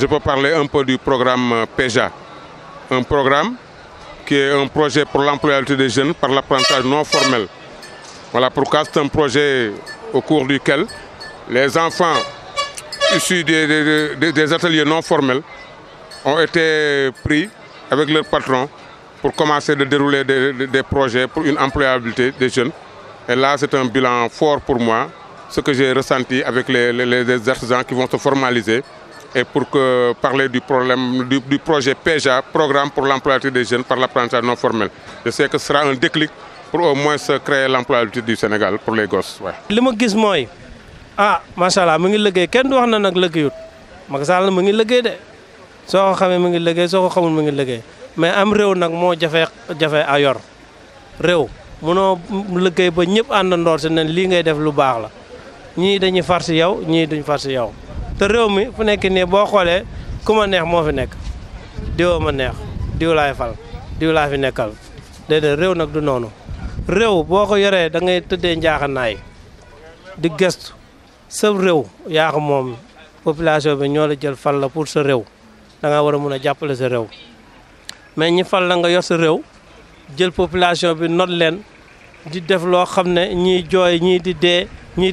je peux parler un peu du programme euh, PEJA, un programme qui est un projet pour l'employabilité des jeunes par l'apprentissage non formel. Voilà pourquoi c'est un projet au cours duquel les enfants issus des, ateliers non formels ont été pris avec leur patron pour commencer de dérouler des, projets pour une employabilité des jeunes. Et là, c'est un bilan fort pour moi, ce que j'ai ressenti avec les artisans qui vont se formaliser et pour que, parler du, problème, du, du projet PEJA, Programme pour l'emploi des jeunes par l'apprentissage non formel. Je sais que ce sera un déclic pour au moins se créer l'emploi du Sénégal pour les gosses. Ouais. Ce que je vois, ah, machallah, il y a des gens qui ont travaillé. Macky Sall mu ngi liggéey de soo ko xamee mu ngi liggéey soo ko xamul mu ngi liggéey mais am rew nak mo jafé jafé a yor réew munoo liggéey ba ñëpp àndandoor si ne li ngay def lu baax la ñi dañuy far yow ñi duñ far yow te réew mi fu nekk nii boo xoolee ku ma neex moo fi nekk diwoo ma neex diw laay fal diw laa fi nekkal déedéet réew nag du noonu réew boo ko yoree da ngay njaax naay di gestu sa réew yaa moom population bi ñoo la jël fal la pour sa réew da war a mun a jàppale sa réew mais ñi fal la nga yor sa réew jël population bi not leen di def loo xam ne ñiy jooy ñii di dee Nous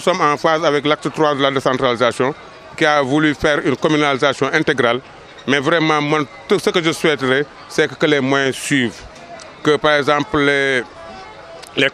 sommes en phase avec l'acte 3 de la décentralisation qui a voulu faire une communalisation intégrale. Mais vraiment, tout ce que je souhaiterais, c'est que les moyens suivent. Que par exemple, les,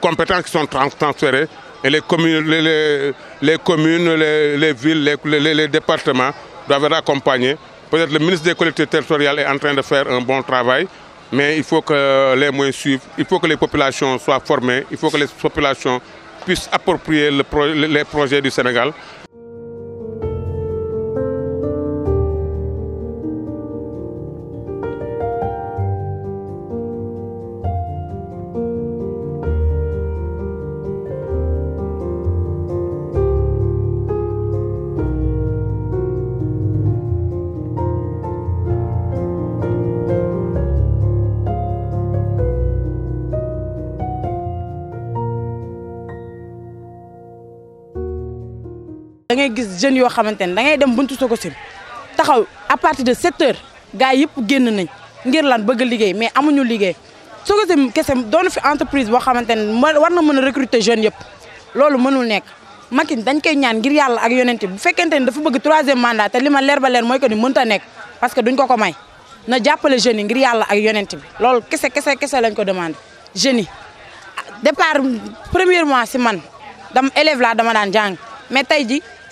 compétences qui sont transférées et les communes, les, communes, les, villes, les, départements doivent être accompagnés. Peut-être le ministre des collectivités territoriales est en train de faire un bon travail mais il faut que les moyens suivent, il faut que les populations soient formées, il faut que les populations puissent approprier les projets du Sénégal ngay gis jeune yo xamantene da ngay dem buntu Sococim taxaw à partir de 7 h gaay yep génn nañ ngir lan bëgg liggéey mais amuñu liggéey kese doon fi entreprise bo xamantene war na mëna recruter jeune yep lolu mënul nekk makine dañ koy ñaan ngir yalla ak yonenté bu fekkenté dafa bëgg 3e mandat té lima lèr ba lèr moy ko ni mënta nekk parce que duñ ko ko may na jappalé jeune ngir yalla ak yonenté bi lolu kese kese kese lañ ko demandé jeune départ premier ci man dam élève la dama dan jang mais tay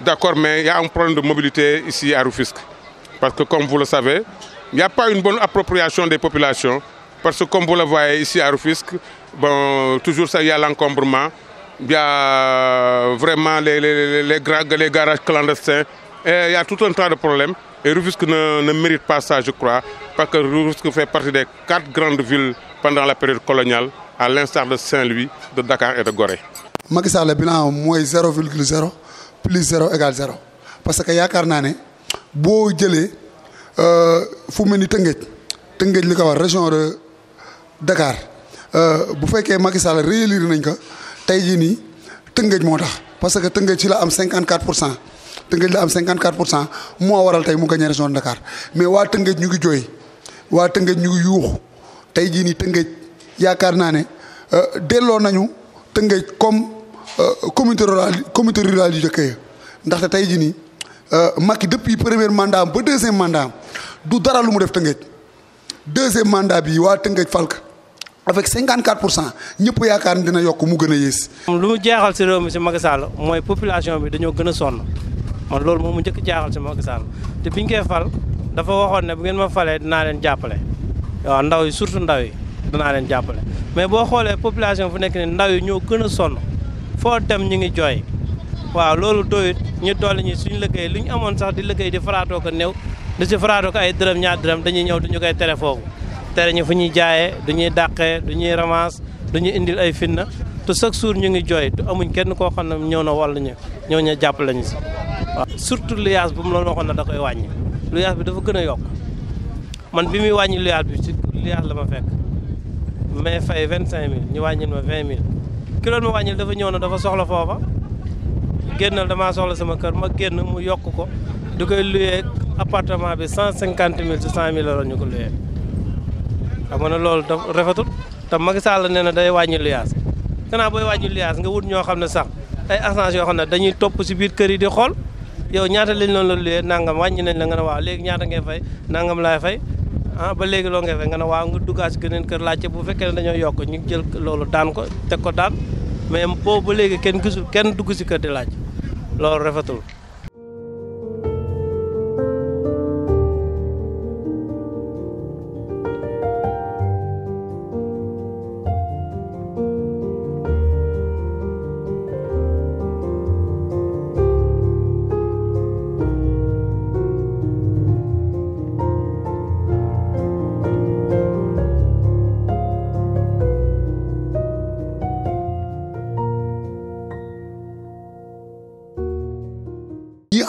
D'accord, mais il y a un problème de mobilité ici à Rufisque. Parce que comme vous le savez, il n'y a pas une bonne appropriation des populations. Parce que comme vous le voyez ici à Rufisque, bon, toujours ça, il y a l'encombrement. Il y a vraiment les, les, les, garages clandestins. Et il y a tout un tas de problèmes. Et Rufisque ne, mérite pas ça, je crois. Parce que Rufisque fait partie des quatre grandes villes pendant la période coloniale, à l'instar de Saint-Louis, de Dakar et de Gorée. Macky le bilan au moins 0,0. plus zéro égale zéro parce que yaakaar naa ne boo jëlee euh, fu mel ni Tëngéej Tëngéej li ko war région de Dakar euh, bu fekkee Macky Sall réélire nañ ko tey jii nii Tëngéej moo tax parce que Tëngéej ci la am cinquante 54 pour cent Tëngéej la am 54 pour cent moo waral tey mu gagné région de Dakar mais waa Tëngéej ñu ngi jooy waa Tëngéej ñu ngi yuuxu tey jii nii Tëngéej yaakaar naa ne euh, delloo nañu Tëngéej comme. Euh, communauté rurale communauté rurale yu jëkkee ndaxte tey jii nii euh, Macky depuis premier mandat ba deuxième mandat du dara lu mu def Tëngéej deuxième mandat bi waa Tëngéej Falk avec 54 pour cent ñëpp yaakaar ni dina yokk mu gën a yées. lu mu jaaxal si réew mi si Macky Sall mooy population bi dañoo gën a sonn man lool moom mu jëkk jaaxal si Macky Sall te biñ koy fal dafa waxoon ne bu ngeen ma falee dinaa leen jàppale waaw ndaw yi surtout ndaw yi dinaa leen jàppale mais boo xoolee population nekk a sonn. foo dem ñu ngi jooy waaw loolu doyut ñu dolli ñi suñu liggéey lu ñu amoon sax di liggéey di faraatoo ko néew di si faraatoo ko ay dërëm ñaar dërëm dañuy ñëw duñu koy tere foofu tere ñu fu ñuy jaayee du ñuy dàqee du ñuy ramasse du ñuy indil ay finna te chaque jour ñu ngi jooy te amuñ kenn koo xam ne ñëw na wàllu ñu ñëw ñu jàppale ñu si waaw surtout luyaas bu mu loolu waxoon na da koy wàññi luyaas bi dafa gën a yokk man bi muy wàññi luyaas bi si luyaas la ma fekk mais fay vingt cinq mille ñu wàññil ma vingt ki loolu ma wàññil dafa ñëw na dafa soxla foofa génnal damaa soxla sama kër ma génn mu yokk ko di koy luyee appartement bi cent cinquante mille ci cent mille la ñu ko luyee a nga ne loolu da rafetul te Macky Sall nee na day wàññi luyaas gannaaw booy wàññi luyaas nga wut ñoo xam ne sax ay assange yoo xam ne dañuy topp si biir kër yi di xool yow ñaata lañ loonu la luyee nangam wàññi nañ la nga ne waaw léegi ñaata ngay fay nangam laay fay ah ba léegi loo ngay nga ne waaw nga duggaat si geneen kër laajte bu fekkee ne yokk ñu jël loolu daan ko teg ko daan mais boo ba léegi kenn gisul kenn dugg si kër di laaj loolu rafetul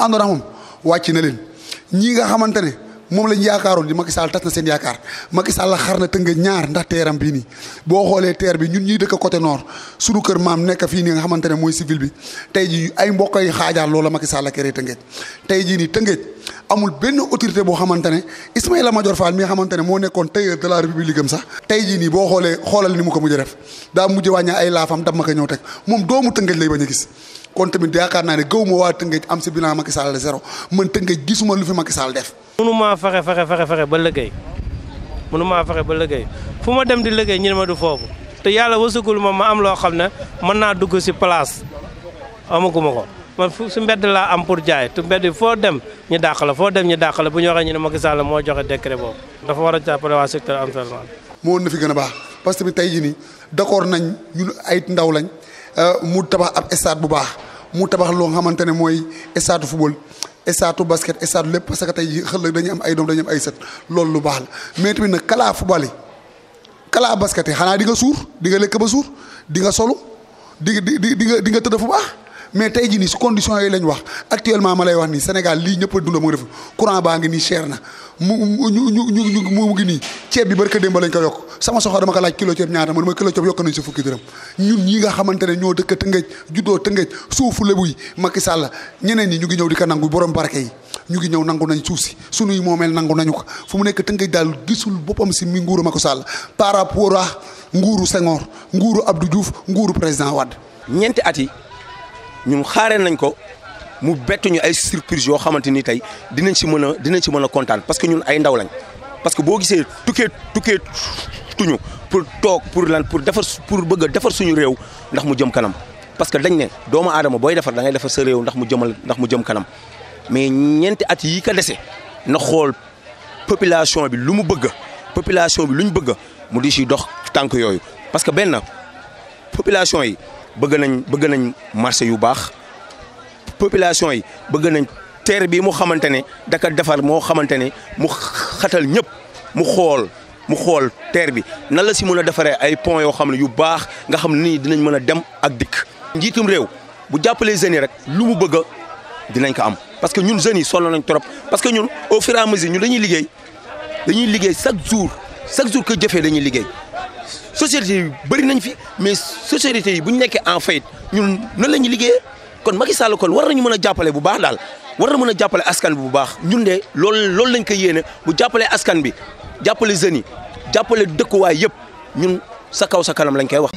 àndoon moom wàcc na leen ñii nga xamante ne moom lañ yaakaaroon di Macky Sall tas na seen yaakaar Macky Sall xar na tënga ñaar ndax teeram bii nii boo xoolee teer bi ñun ñuy dëkk côté nord suñu kër maam nekk fii nii nga xamante ne mooy civil bi tey jii ay mbokk yi xaajaar loola Macky la kéré tëngeej tey jii nii tëngeej amul benn autorité boo xamante ne a Madior Fall mi nga xamante ne moo nekkoon tey de la république am sax tey jii nii boo xoolee xoolal ni ko mujj def daa mujj wàññaa ay laafam dam ma ko ñëw teg moom doomu tëngeej lay bañ a gis kon tamit yaakaar naa ne gëw waa Tëngéej am si bilan Macky Sall zéro man Tëngéej gisuma lu fi Macky def. mënumaa fexe fexe fexe fexe ba liggéey maa fexe ba liggéey fu ma dem di liggéey ñu ne ma du foofu te yàlla wasagul ma ma am loo xam ne mën naa dugg si place amaguma ko man fu si mbedd laa am pour jaay te mbedd foo dem ñu dàq la foo dem ñu dàq la bu ñu waxee ñu ne Macky Sall moo joxe décret boobu dafa war a jàppale waa secteur environnement. moo na fi gën a baax parce que tey jii nii d'accord nañ ñun ay ndaw lañ. Euh, mu tabax ab stade bu baax mu tabax loo xamante ne mooy stade football stade basket stade lépp parce que tey xëllëg dañu am ay doom dañuy am ay sët loolu lu baax la mais tamit nag kalaa football yi kalaa basket yi xanaa di nga suur di nga lekk ba suur di nga solu di di di nga di nga tëdd fu baax. mais tey jii nii su condition yooyu lañ wax actuellement ma lay wax nii Sénégal lii ñëpp a dund mu ngi def courant baa ngi nii cher na mu ñu ñu ñu mu ngi nii ceeb bi barka démb lañ ko yokk sama soxla dama ko laaj kilo ceeb ñaata ma dama kilo ceeb yokk nañ si fukki dërëm ñun ñi nga xamante ne ñoo dëkk Tëngéej juddoo Tëngéej suufu Lebuy Macky Sall ñeneen yi ñu ngi ñëw di ko nangu borom barke yi ñu ngi ñëw nangu nañ suuf si sunuy moomeel nangu nañu ko fu mu nekk Tëngéej daal gisul boppam si mi nguuru Macky Sall par rapport à nguuru Senghor nguuru Abdou Diouf nguuru président Wade ñeenti at yi ñun xaaree nañ ko mu bettuñu ay surprise yoo xamante ni tey dinañ si mën a dinañ si mën a kontaan parce que ñun ay ndaw lañ parce que boo gisee tukkee tukkee tuñu pour toog pour lan pour defar pour bëgg defar suñu réew ndax mu jëm kanam parce que dañ ne doomu aadama booy defar da ngay defar sa réew ndax mu jëmal ndax mu jëm kanam mais ñeenti at yi ko dese na xool population bi lu mu bëgg population bi lu ñu bëgg mu di si dox tànk yooyu parce que benn population yi. bëgg nañ bëgg nañ marché yu baax population yi bëgg nañ terre bi mu xamante ne daka defar moo xamante ne mu xatal ñëpp mu xool mu xool terre bi nan la si mën a defaree ay pont yoo xam ne yu baax nga xam ne nii dinañ mën a dem ak dikk. njiitum réew bu jàppalee jeunes yi rek lu mu bëgg dinañ ko am parce que ñun jeunes yi sonn nañ trop parce que ñun au fur et à mesure ñun dañuy liggéey dañuy liggéey chaque jour chaque jour que jëfee dañuy liggéey. société yi bëri nañ fi mais société yi bu ñu nekkee en faillite ñun nan la ñuy liggéeyee kon Macky Sall kon war ñu mën a jàppale bu baax daal war na mën a jàppale askan bi bu baax ñun de lool loolu lañ ko yéene bu jàppalee askan bi jàppale jeunes yi jàppale dëkkuwaay yëpp ñun sa kaw sa kanam lañ koy wax.